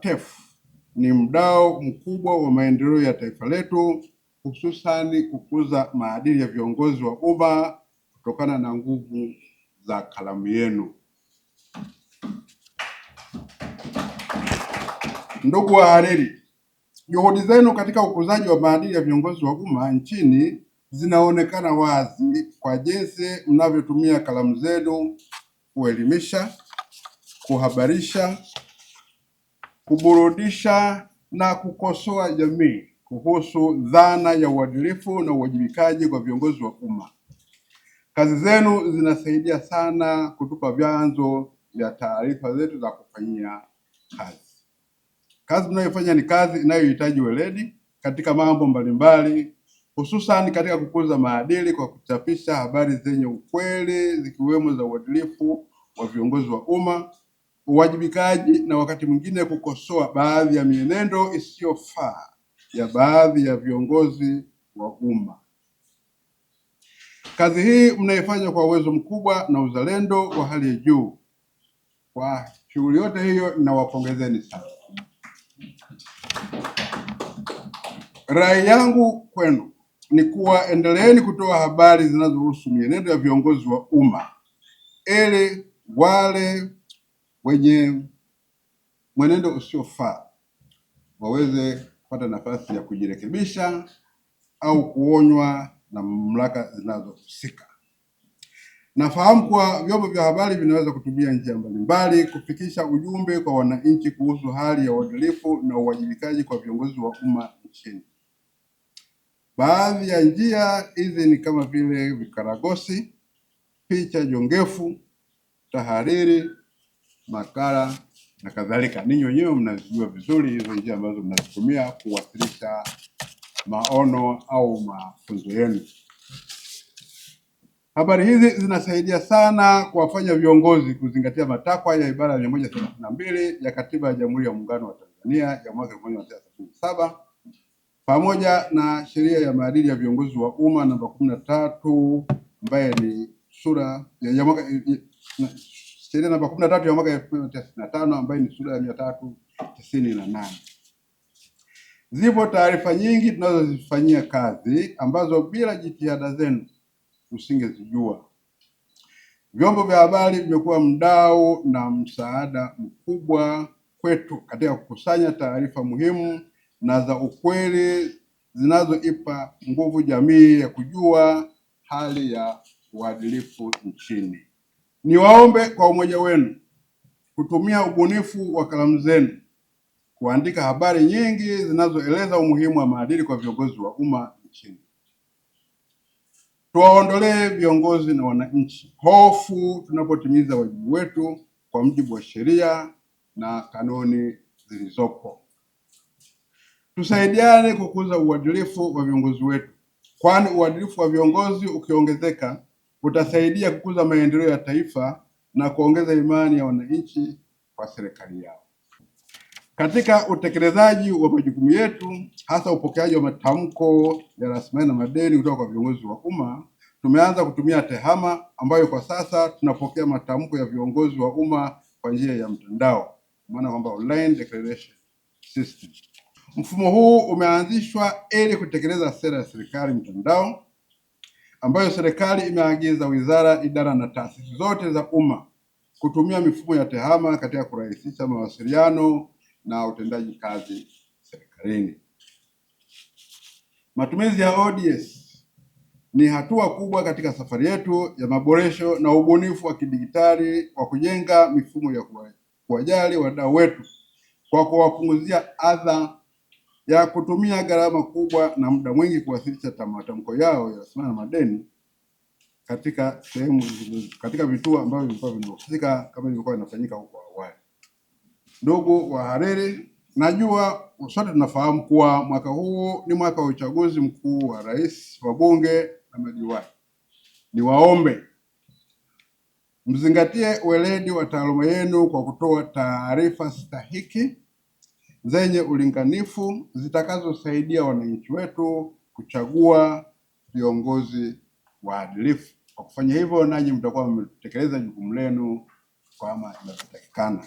TEF ni mdao mkubwa wa maendeleo ya taifa letu, hususani kukuza maadili ya viongozi wa umma kutokana na nguvu za kalamu yenu. Ndugu wahariri, juhudi zenu katika ukuzaji wa maadili ya viongozi wa umma nchini zinaonekana wazi kwa jinsi mnavyotumia kalamu zenu kuelimisha, kuhabarisha kuburudisha na kukosoa jamii kuhusu dhana ya uadilifu na uwajibikaji kwa viongozi wa umma. Kazi zenu zinasaidia sana kutupa vyanzo vya taarifa zetu za kufanyia kazi. Kazi mnayofanya ni kazi inayohitaji weledi katika mambo mbalimbali, hususan katika kukuza maadili kwa kuchapisha habari zenye ukweli, zikiwemo za uadilifu wa viongozi wa umma uwajibikaji na wakati mwingine kukosoa baadhi ya mienendo isiyofaa ya baadhi ya viongozi wa umma. Kazi hii mnaifanya kwa uwezo mkubwa na uzalendo wa hali ya juu. Kwa shughuli yote hiyo ninawapongezeni sana. Rai yangu kwenu ni kuwa endeleeni kutoa habari zinazohusu mienendo ya viongozi wa umma ili wale wenye mwenendo usiofaa waweze kupata nafasi ya kujirekebisha au kuonywa na mamlaka zinazohusika. Nafahamu kuwa vyombo vya habari vinaweza kutumia njia mbalimbali kufikisha ujumbe kwa wananchi kuhusu hali ya uadilifu na uwajibikaji kwa viongozi wa umma nchini. Baadhi ya njia hizi ni kama vile vikaragosi, picha jongefu, tahariri makala na kadhalika. Ninyi wenyewe mnazijua vizuri hizo njia ambazo mnazitumia kuwasilisha maono au mafunzo yenu. Habari hizi zinasaidia sana kuwafanya viongozi kuzingatia matakwa ya ibara ya mia moja thelathini na mbili ya Katiba ya Jamhuri ya Muungano wa Tanzania ya mwaka elfu moja mia tisa sabini na saba pamoja na sheria ya maadili ya viongozi wa umma namba kumi na tatu ambaye ni sura ya, sheria namba kumi na tatu ya mwaka elfu moja mia tisa tisini na tano ambayo ni sura ya mia tatu tisini na nane. Zipo taarifa nyingi tunazozifanyia kazi ambazo bila jitihada zenu usingezijua Vyombo vya habari vimekuwa mdau na msaada mkubwa kwetu katika kukusanya taarifa muhimu na za ukweli zinazoipa nguvu jamii ya kujua hali ya uadilifu nchini. Niwaombe kwa umoja wenu kutumia ubunifu wa kalamu zenu kuandika habari nyingi zinazoeleza umuhimu wa maadili kwa viongozi wa umma nchini. Tuwaondolee viongozi na wananchi hofu tunapotimiza wajibu wetu kwa mujibu wa sheria na kanuni zilizopo. Tusaidiane kukuza uadilifu wa viongozi wetu, kwani uadilifu wa viongozi ukiongezeka utasaidia kukuza maendeleo ya taifa na kuongeza imani ya wananchi kwa serikali yao. Katika utekelezaji wa majukumu yetu, hasa upokeaji wa matamko ya rasilimali na madeni kutoka kwa viongozi wa umma, tumeanza kutumia TEHAMA ambayo kwa sasa tunapokea matamko ya viongozi wa umma kwa njia ya mtandao, maana kwamba online declaration system. Mfumo huu umeanzishwa ili kutekeleza sera ya serikali mtandao ambayo serikali imeagiza wizara, idara na taasisi zote za umma kutumia mifumo ya TEHAMA katika kurahisisha mawasiliano na utendaji kazi serikalini. Matumizi ya ODS ni hatua kubwa katika safari yetu ya maboresho na ubunifu wa kidijitali wa kujenga mifumo ya kuwajali wadau wetu kwa kuwapunguzia adha ya kutumia gharama kubwa na muda mwingi kuwasilisha matamko yao ya sana na madeni katika sehemu katika vituo ambavyo vilikuwa vinahusika kama ilivyokuwa inafanyika huko awali. Ndugu wahariri, najua sote tunafahamu kuwa mwaka huu ni mwaka wa uchaguzi mkuu wa rais, wabunge na madiwani. Niwaombe mzingatie weledi wa taaluma yenu kwa kutoa taarifa stahiki zenye ulinganifu zitakazosaidia wananchi wetu kuchagua viongozi waadilifu. Kwa kufanya hivyo, nanyi mtakuwa mmetekeleza jukumu lenu kama inavyotakikana.